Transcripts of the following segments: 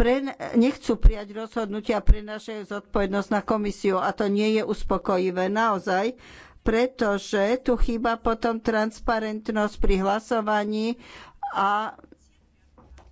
pre, nechcú prijať rozhodnutia, prenášajú zodpovednosť na komisiu a to nie je uspokojivé naozaj, pretože tu chýba potom transparentnosť pri hlasovaní a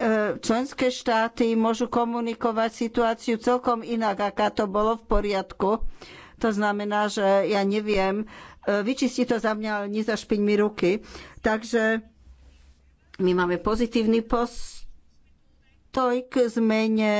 e, členské štáty môžu komunikovať situáciu celkom inak, aká to bolo v poriadku. To znamená, že ja neviem, e, vyčistí to za mňa, ale nezašpiň mi ruky. Takže my máme pozitívny post postoj k, zmene,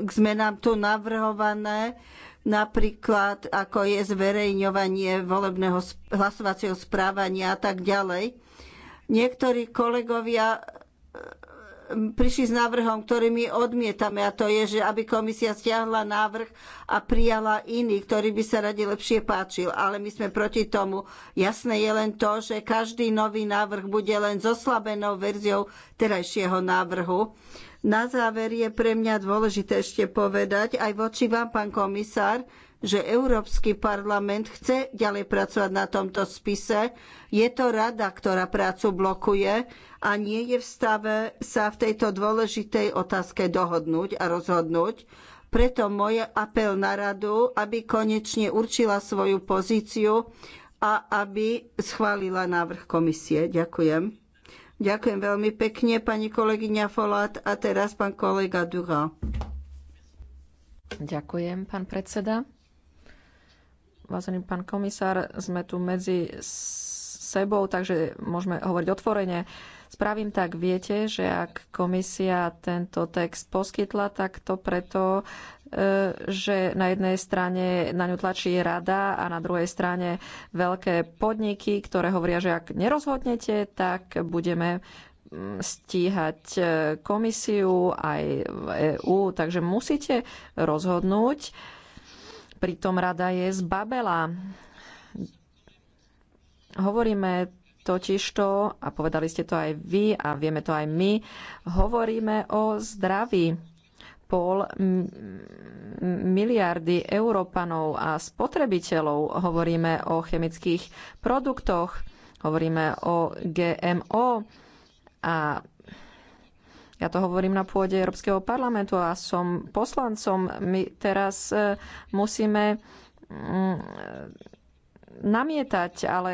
k zmenám tu navrhované, napríklad ako je zverejňovanie volebného hlasovacieho správania a tak ďalej. Niektorí kolegovia prišli s návrhom, ktorý my odmietame a to je, že aby komisia stiahla návrh a prijala iný, ktorý by sa radi lepšie páčil. Ale my sme proti tomu. Jasné je len to, že každý nový návrh bude len zoslabenou verziou terajšieho návrhu. Na záver je pre mňa dôležité ešte povedať aj voči vám, pán komisár, že Európsky parlament chce ďalej pracovať na tomto spise. Je to rada, ktorá prácu blokuje a nie je v stave sa v tejto dôležitej otázke dohodnúť a rozhodnúť. Preto môj apel na radu, aby konečne určila svoju pozíciu a aby schválila návrh komisie. Ďakujem. Ďakujem veľmi pekne, pani kolegyňa Folát a teraz pán kolega Duha. Ďakujem, pán predseda. Vážený pán komisár, sme tu medzi sebou, takže môžeme hovoriť otvorene. Spravím tak, viete, že ak komisia tento text poskytla, tak to preto, e, že na jednej strane na ňu tlačí rada a na druhej strane veľké podniky, ktoré hovoria, že ak nerozhodnete, tak budeme mm, stíhať e, komisiu aj v EÚ, takže musíte rozhodnúť. Pritom rada je z Babela. Hovoríme totiž to a povedali ste to aj vy a vieme to aj my, hovoríme o zdraví pol miliardy Európanov a spotrebiteľov. Hovoríme o chemických produktoch, hovoríme o GMO a ja to hovorím na pôde Európskeho parlamentu a som poslancom. My teraz e, musíme mm, namietať, ale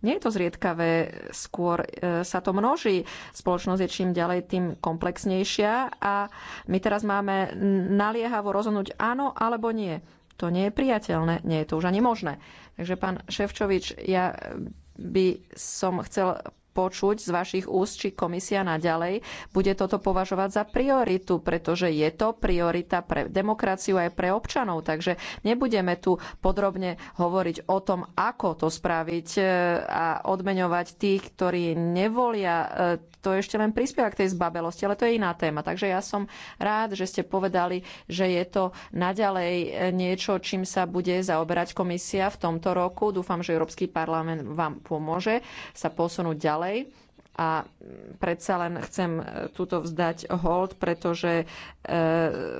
nie je to zriedkavé, skôr e, sa to množí. Spoločnosť je čím ďalej tým komplexnejšia a my teraz máme naliehavo rozhodnúť áno alebo nie. To nie je priateľné, nie je to už ani možné. Takže pán Ševčovič, ja by som chcel počuť z vašich úst, či komisia naďalej bude toto považovať za prioritu, pretože je to priorita pre demokraciu aj pre občanov. Takže nebudeme tu podrobne hovoriť o tom, ako to spraviť e, a odmeňovať tých, ktorí nevolia. E, to ešte len prispieva k tej zbabelosti, ale to je iná téma. Takže ja som rád, že ste povedali, že je to naďalej e, niečo, čím sa bude zaoberať komisia v tomto roku. Dúfam, že Európsky parlament vám pomôže sa posunúť ďalej ďalej. A predsa len chcem e, túto vzdať hold, pretože e,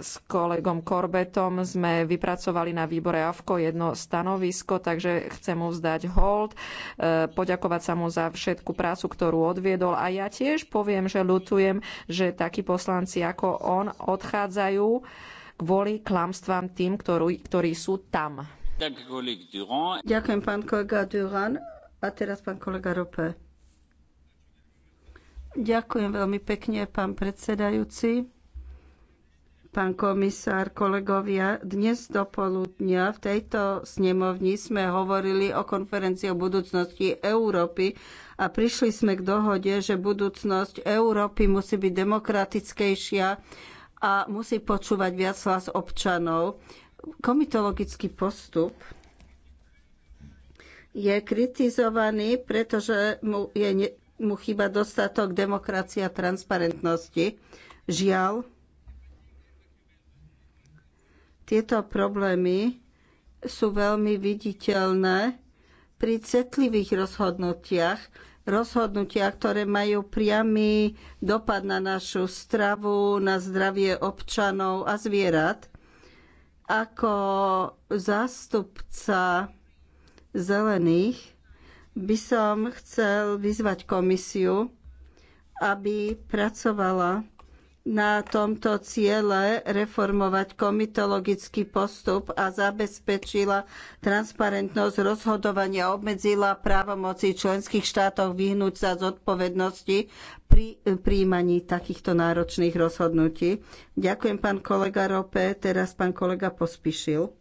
s kolegom Korbetom sme vypracovali na výbore AVKO jedno stanovisko, takže chcem mu vzdať hold, e, poďakovať sa mu za všetku prácu, ktorú odviedol. A ja tiež poviem, že ľutujem, že takí poslanci ako on odchádzajú kvôli klamstvám tým, ktorú, ktorí sú tam. Ďakujem, pán kolega Duran. A teraz pán kolega Rope. Ďakujem veľmi pekne, pán predsedajúci, pán komisár, kolegovia. Dnes do poludnia v tejto snemovni sme hovorili o konferencii o budúcnosti Európy a prišli sme k dohode, že budúcnosť Európy musí byť demokratickejšia a musí počúvať viac hlas občanov. Komitologický postup je kritizovaný, pretože mu je mu chýba dostatok demokracie a transparentnosti. Žiaľ, tieto problémy sú veľmi viditeľné pri citlivých rozhodnutiach, rozhodnutiach, ktoré majú priamy dopad na našu stravu, na zdravie občanov a zvierat. Ako zástupca zelených by som chcel vyzvať komisiu, aby pracovala na tomto ciele reformovať komitologický postup a zabezpečila transparentnosť rozhodovania, obmedzila právomoci členských štátov vyhnúť sa zodpovednosti pri príjmaní takýchto náročných rozhodnutí. Ďakujem pán kolega Rope, teraz pán kolega pospíšil.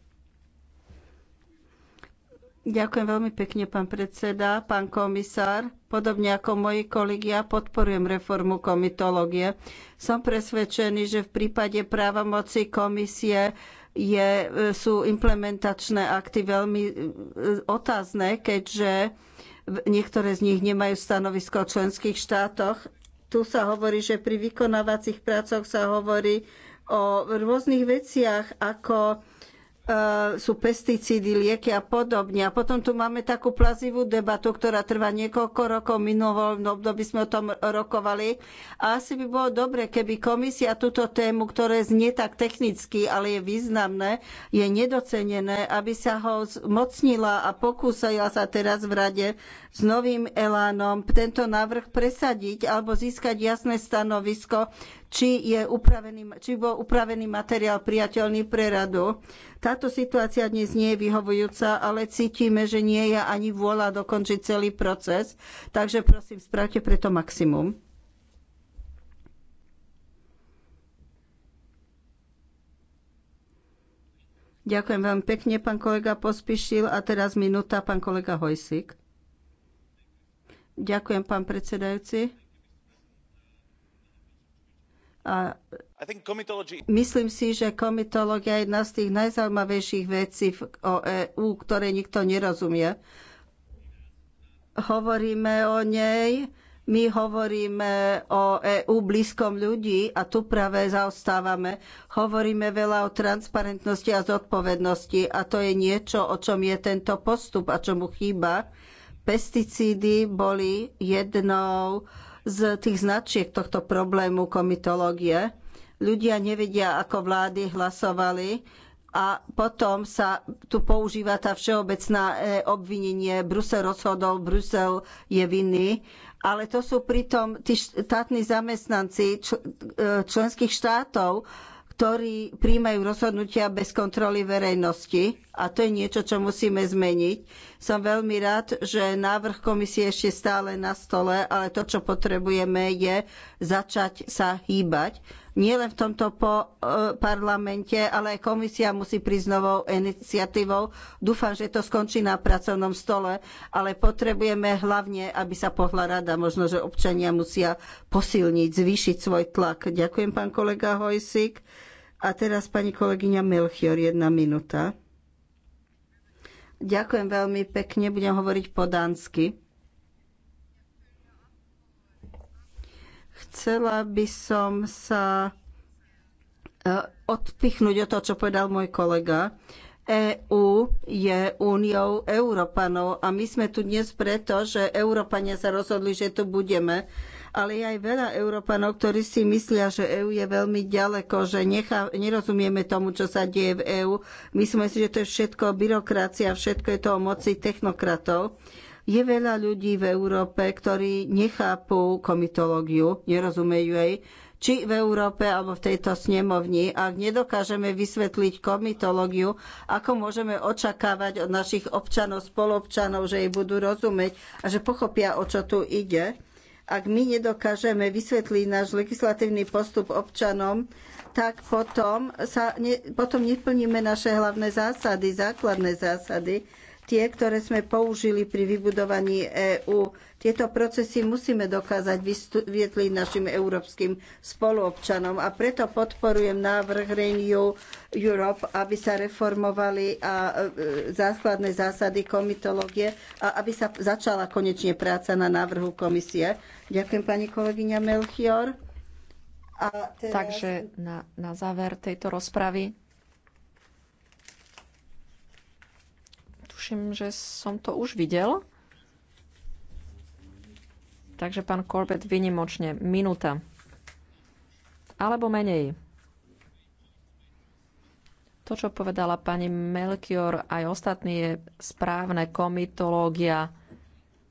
Ďakujem veľmi pekne, pán predseda, pán komisár. Podobne ako moji kolegia podporujem reformu komitológie. Som presvedčený, že v prípade právomoci komisie je, sú implementačné akty veľmi e, otázne, keďže niektoré z nich nemajú stanovisko v členských štátoch. Tu sa hovorí, že pri vykonávacích prácoch sa hovorí o rôznych veciach, ako E, sú pesticídy, lieky a podobne. A potom tu máme takú plazivú debatu, ktorá trvá niekoľko rokov. Minulom období sme o tom rokovali. A asi by bolo dobre, keby komisia túto tému, ktoré znie tak technicky, ale je významné, je nedocenené, aby sa ho zmocnila a pokúsila sa teraz v rade s novým elánom tento návrh presadiť alebo získať jasné stanovisko, či, je upravený, či bol upravený materiál priateľný pre radu. Táto situácia dnes nie je vyhovujúca, ale cítime, že nie je ani vôľa dokončiť celý proces. Takže prosím, spravte preto maximum. Ďakujem veľmi pekne, pán kolega Pospišil. A teraz minúta, pán kolega Hojsik. Ďakujem, pán predsedajúci. A myslím si, že komitológia je jedna z tých najzaujímavejších vecí o EU, ktoré nikto nerozumie. Hovoríme o nej, my hovoríme o EU blízkom ľudí a tu práve zaostávame. Hovoríme veľa o transparentnosti a zodpovednosti a to je niečo, o čom je tento postup a čo mu chýba. Pesticídy boli jednou z tých značiek tohto problému komitológie. Ľudia nevedia, ako vlády hlasovali a potom sa tu používa tá všeobecná e, obvinenie Brusel rozhodol, Brusel je vinný ale to sú pritom tí štátni zamestnanci e, členských štátov ktorí príjmajú rozhodnutia bez kontroly verejnosti. A to je niečo, čo musíme zmeniť. Som veľmi rád, že návrh komisie ešte stále na stole, ale to, čo potrebujeme, je začať sa hýbať. Nielen v tomto e, parlamente, ale aj komisia musí prísť novou iniciatívou. Dúfam, že to skončí na pracovnom stole, ale potrebujeme hlavne, aby sa pohla rada. Možno, že občania musia posilniť, zvýšiť svoj tlak. Ďakujem, pán kolega Hojsik. A teraz pani kolegyňa Melchior, jedna minúta. Ďakujem veľmi pekne, budem hovoriť po dánsky. Chcela by som sa e, odpichnúť od toho, čo povedal môj kolega. EU je úniou Európanov a my sme tu dnes preto, že Európania sa rozhodli, že tu budeme ale je aj veľa Európanov, ktorí si myslia, že EÚ je veľmi ďaleko, že nechá, nerozumieme tomu, čo sa deje v EÚ. Myslíme si, že to je všetko byrokracia, všetko je to o moci technokratov. Je veľa ľudí v Európe, ktorí nechápu komitológiu, nerozumejú jej, či v Európe alebo v tejto snemovni. Ak nedokážeme vysvetliť komitológiu, ako môžeme očakávať od našich občanov, spolobčanov, že jej budú rozumieť a že pochopia, o čo tu ide ak my nedokážeme vysvetliť náš legislatívny postup občanom, tak potom, sa ne, potom neplníme naše hlavné zásady, základné zásady tie, ktoré sme použili pri vybudovaní EÚ. Tieto procesy musíme dokázať vysvetliť našim európskym spoluobčanom a preto podporujem návrh Renew Europe, aby sa reformovali a e, základné zásady komitológie a aby sa začala konečne práca na návrhu komisie. Ďakujem pani kolegyňa Melchior. A teraz... Takže na, na záver tejto rozpravy Tuším, že som to už videl. Takže pán Corbett vynimočne minúta. Alebo menej. To, čo povedala pani Melchior aj ostatní, je správne. Komitológia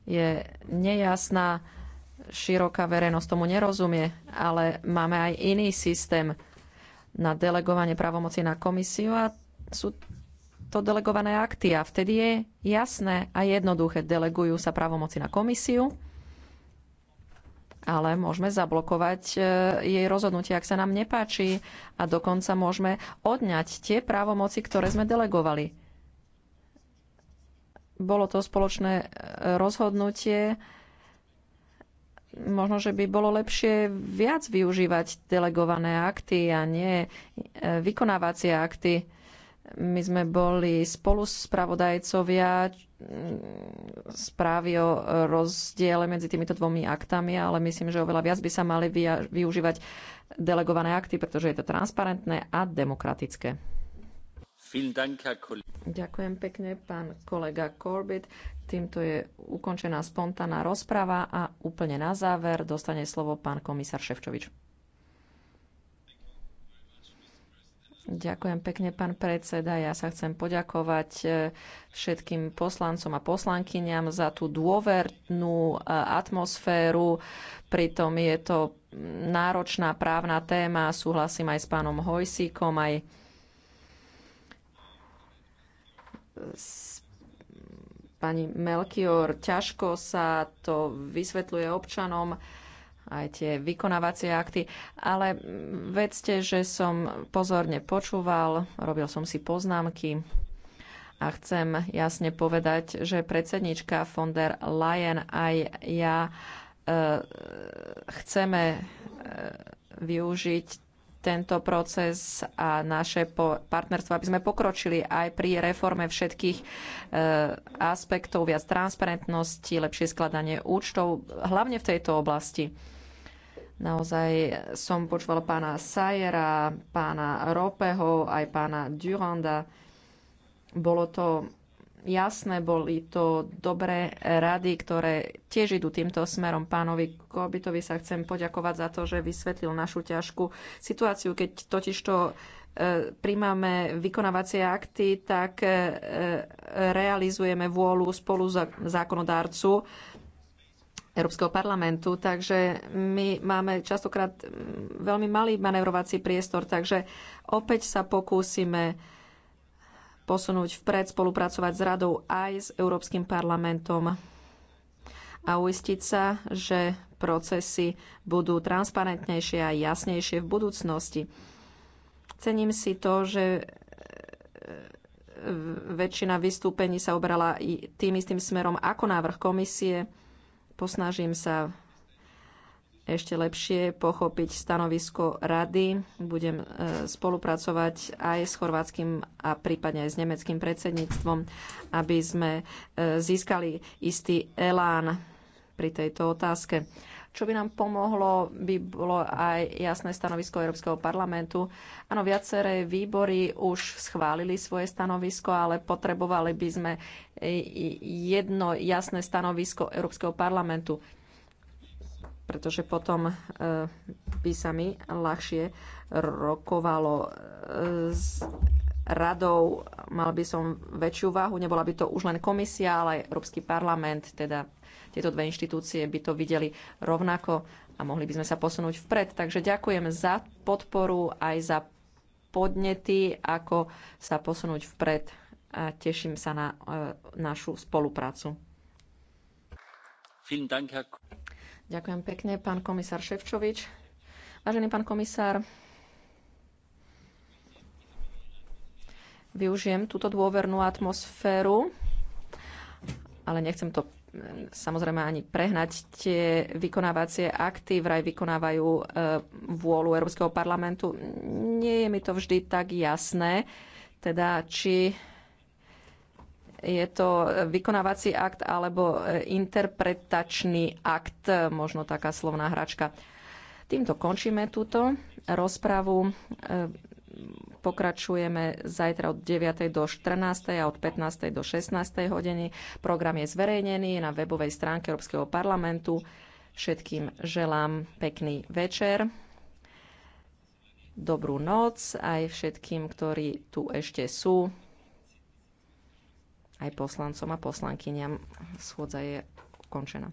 je nejasná. Široká verejnosť tomu nerozumie, ale máme aj iný systém na delegovanie právomoci na komisiu a sú to delegované akty a vtedy je jasné a jednoduché, delegujú sa právomoci na komisiu, ale môžeme zablokovať e, jej rozhodnutie, ak sa nám nepáči a dokonca môžeme odňať tie právomoci, ktoré sme delegovali. Bolo to spoločné e, rozhodnutie, možno, že by bolo lepšie viac využívať delegované akty a nie e, vykonávacie akty. My sme boli spolu spravodajcovia správy o rozdiele medzi týmito dvomi aktami, ale myslím, že oveľa viac by sa mali využívať delegované akty, pretože je to transparentné a demokratické. Ďakujem pekne, pán kolega Corbett. Týmto je ukončená spontánna rozprava a úplne na záver dostane slovo pán komisár Ševčovič. Ďakujem pekne, pán predseda. Ja sa chcem poďakovať e, všetkým poslancom a poslankyňam za tú dôvernú e, atmosféru. Pritom je to náročná právna téma. Súhlasím aj s pánom Hojsíkom, aj s pani Melchior. Ťažko sa to vysvetľuje občanom aj tie vykonávacie akty, ale vedzte, že som pozorne počúval, robil som si poznámky a chcem jasne povedať, že predsednička von der Leyen aj ja e, chceme e, využiť tento proces a naše partnerstvo, aby sme pokročili aj pri reforme všetkých e, aspektov, viac transparentnosti, lepšie skladanie účtov, hlavne v tejto oblasti. Naozaj som počúvala pána Sajera, pána Ropeho, aj pána Duranda. Bolo to jasné, boli to dobré rady, ktoré tiež idú týmto smerom. Pánovi Kobitovi sa chcem poďakovať za to, že vysvetlil našu ťažkú situáciu, keď totižto e, príjmame vykonávacie akty, tak e, e, realizujeme vôľu spolu zákonodárcu Európskeho parlamentu, takže my máme častokrát mm, veľmi malý manevrovací priestor, takže opäť sa pokúsime posunúť vpred, spolupracovať s radou aj s Európskym parlamentom a uistiť sa, že procesy budú transparentnejšie a jasnejšie v budúcnosti. Cením si to, že e, väčšina vystúpení sa obrala tým istým smerom ako návrh komisie Posnažím sa ešte lepšie pochopiť stanovisko rady. Budem e, spolupracovať aj s chorvátským a prípadne aj s nemeckým predsedníctvom, aby sme e, získali istý elán pri tejto otázke. Čo by nám pomohlo, by bolo aj jasné stanovisko Európskeho parlamentu. Áno, viaceré výbory už schválili svoje stanovisko, ale potrebovali by sme e, jedno jasné stanovisko Európskeho parlamentu pretože potom e, by sa mi ľahšie rokovalo e, s radou. Mal by som väčšiu váhu, nebola by to už len komisia, ale aj Európsky parlament, teda tieto dve inštitúcie by to videli rovnako a mohli by sme sa posunúť vpred. Takže ďakujem za podporu aj za podnety, ako sa posunúť vpred a teším sa na e, našu spoluprácu. Ďakujem pekne, pán komisár Ševčovič. Vážený pán komisár, využijem túto dôvernú atmosféru, ale nechcem to samozrejme ani prehnať tie vykonávacie akty, vraj vykonávajú e, vôľu Európskeho parlamentu. Nie je mi to vždy tak jasné, teda či je to vykonávací akt alebo e, interpretačný akt, možno taká slovná hračka. Týmto končíme túto rozpravu. E, Pokračujeme zajtra od 9. do 14. a od 15. do 16. hodiny. Program je zverejnený na webovej stránke Európskeho parlamentu. Všetkým želám pekný večer, dobrú noc aj všetkým, ktorí tu ešte sú, aj poslancom a poslankyňam. Schôdza je ukončená.